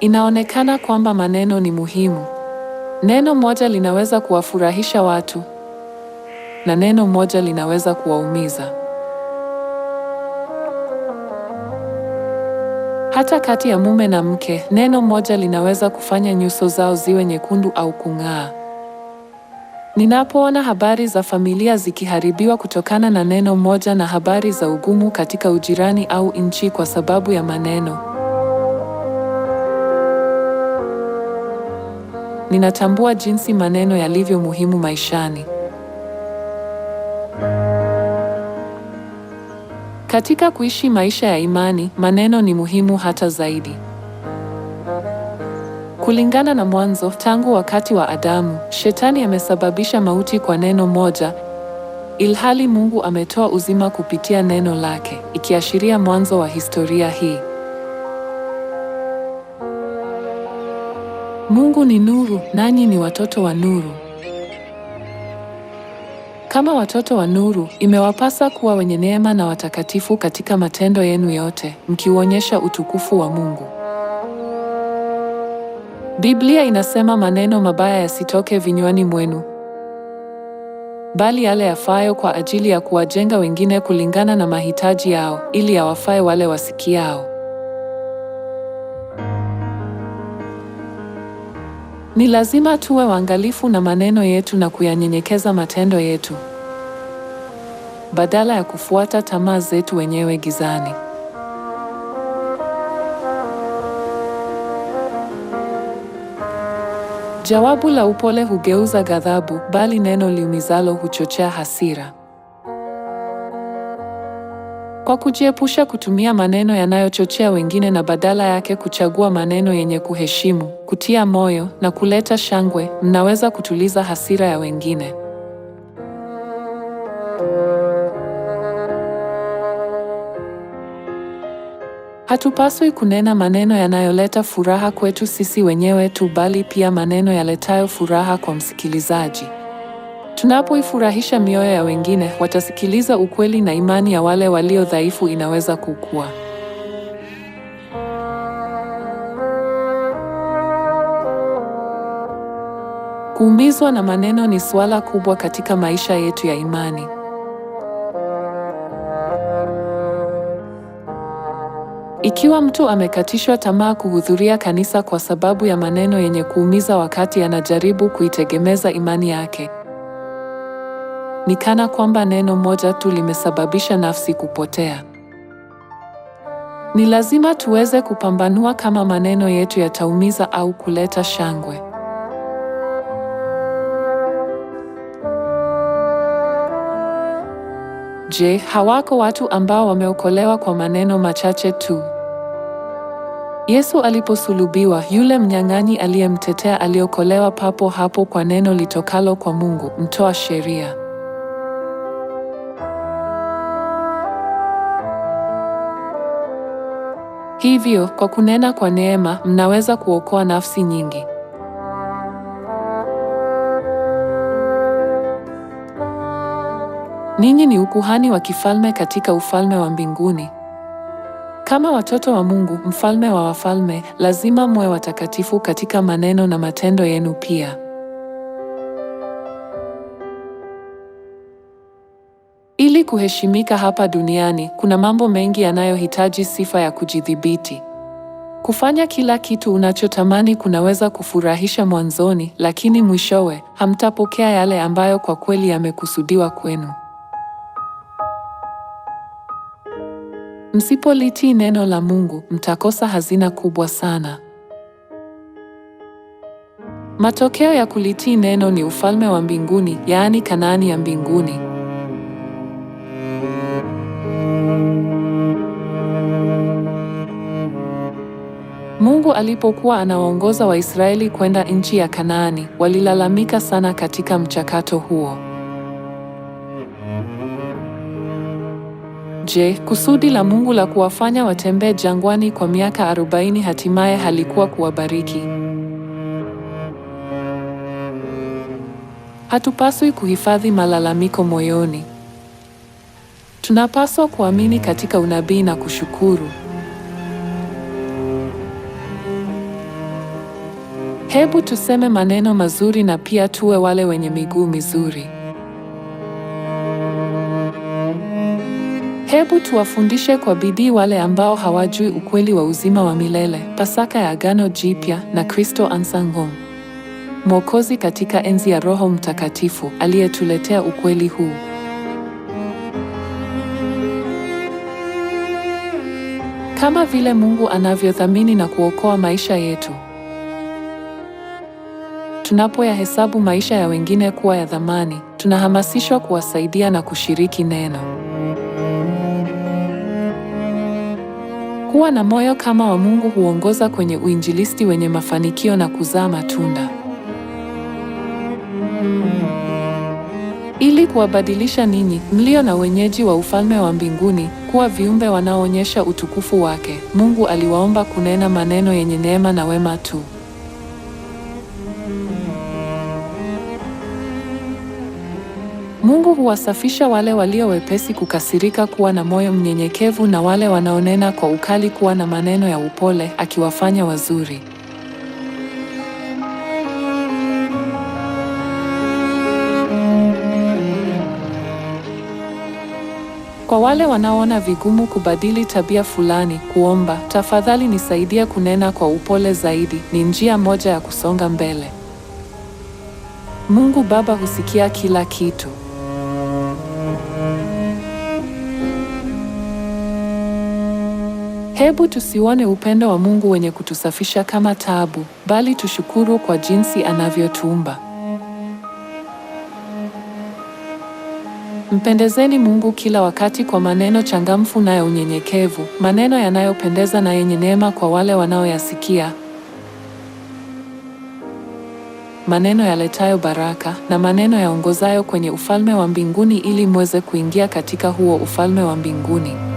Inaonekana kwamba maneno ni muhimu. Neno moja linaweza kuwafurahisha watu na neno moja linaweza kuwaumiza. Hata kati ya mume na mke, neno moja linaweza kufanya nyuso zao ziwe nyekundu au kung'aa. Ninapoona habari za familia zikiharibiwa kutokana na neno moja na habari za ugumu katika ujirani au nchi kwa sababu ya maneno, ninatambua jinsi maneno yalivyo muhimu maishani. Katika kuishi maisha ya imani, maneno ni muhimu hata zaidi. Kulingana na Mwanzo, tangu wakati wa Adamu, shetani amesababisha mauti kwa neno moja, ilhali Mungu ametoa uzima kupitia neno lake, ikiashiria mwanzo wa historia hii. Mungu ni nuru, nanyi ni watoto wa nuru. Kama watoto wa nuru, imewapasa kuwa wenye neema na watakatifu katika matendo yenu yote, mkiuonyesha utukufu wa Mungu. Biblia inasema maneno mabaya yasitoke vinywani mwenu, bali yale yafayo kwa ajili ya kuwajenga wengine kulingana na mahitaji yao, ili yawafae wale wasikiao. Ni lazima tuwe waangalifu na maneno yetu na kuyanyenyekeza matendo yetu, badala ya kufuata tamaa zetu wenyewe gizani. Jawabu la upole hugeuza ghadhabu, bali neno liumizalo huchochea hasira. Kwa kujiepusha kutumia maneno yanayochochea wengine na badala yake kuchagua maneno yenye kuheshimu, kutia moyo na kuleta shangwe, mnaweza kutuliza hasira ya wengine. Hatupaswi kunena maneno yanayoleta furaha kwetu sisi wenyewe tu, bali pia maneno yaletayo furaha kwa msikilizaji. Tunapoifurahisha mioyo ya wengine, watasikiliza ukweli na imani ya wale walio dhaifu inaweza kukua. Kuumizwa na maneno ni suala kubwa katika maisha yetu ya imani. Ikiwa mtu amekatishwa tamaa kuhudhuria kanisa kwa sababu ya maneno yenye kuumiza wakati anajaribu kuitegemeza imani yake, ni kana kwamba neno moja tu limesababisha nafsi kupotea. Ni lazima tuweze kupambanua kama maneno yetu yataumiza au kuleta shangwe. Je, hawako watu ambao wameokolewa kwa maneno machache tu? Yesu aliposulubiwa, yule mnyang'anyi aliyemtetea aliokolewa papo hapo kwa neno litokalo kwa Mungu, mtoa sheria. Hivyo, kwa kunena kwa neema, mnaweza kuokoa nafsi nyingi. Ninyi ni ukuhani wa kifalme katika ufalme wa mbinguni. Kama watoto wa Mungu, mfalme wa wafalme, lazima mwe watakatifu katika maneno na matendo yenu pia, ili kuheshimika hapa duniani. Kuna mambo mengi yanayohitaji sifa ya kujidhibiti. Kufanya kila kitu unachotamani kunaweza kufurahisha mwanzoni, lakini mwishowe hamtapokea yale ambayo kwa kweli yamekusudiwa kwenu. Msipolitii neno la Mungu, mtakosa hazina kubwa sana. Matokeo ya kulitii neno ni ufalme wa mbinguni, yaani Kanaani ya mbinguni. Mungu alipokuwa anawaongoza Waisraeli kwenda nchi ya Kanaani, walilalamika sana katika mchakato huo. Je, kusudi la Mungu la kuwafanya watembee jangwani kwa miaka 40 hatimaye halikuwa kuwabariki? Hatupaswi kuhifadhi malalamiko moyoni. Tunapaswa kuamini katika unabii na kushukuru. Hebu tuseme maneno mazuri na pia tuwe wale wenye miguu mizuri. Hebu tuwafundishe kwa bidii wale ambao hawajui ukweli wa uzima wa milele, Pasaka ya Agano Jipya na Kristo Ahnsahnghong, Mwokozi katika enzi ya Roho Mtakatifu aliyetuletea ukweli huu. Kama vile Mungu anavyothamini na kuokoa maisha yetu, tunapoyahesabu maisha ya wengine kuwa ya thamani, tunahamasishwa kuwasaidia na kushiriki neno. Kuwa na moyo kama wa Mungu huongoza kwenye uinjilisti wenye mafanikio na kuzaa matunda. Ili kuwabadilisha ninyi mlio na wenyeji wa ufalme wa mbinguni kuwa viumbe wanaoonyesha utukufu wake, Mungu aliwaomba kunena maneno yenye neema na wema tu. huwasafisha wale walio wepesi kukasirika kuwa na moyo mnyenyekevu, na wale wanaonena kwa ukali kuwa na maneno ya upole, akiwafanya wazuri. Kwa wale wanaoona vigumu kubadili tabia fulani, kuomba tafadhali nisaidia kunena kwa upole zaidi ni njia moja ya kusonga mbele. Mungu Baba husikia kila kitu. Hebu tusione upendo wa Mungu wenye kutusafisha kama taabu, bali tushukuru kwa jinsi anavyotuumba. Mpendezeni Mungu kila wakati kwa maneno changamfu na ya unyenyekevu, maneno yanayopendeza na yenye neema kwa wale wanaoyasikia, maneno yaletayo baraka na maneno yaongozayo kwenye ufalme wa mbinguni ili mweze kuingia katika huo ufalme wa mbinguni.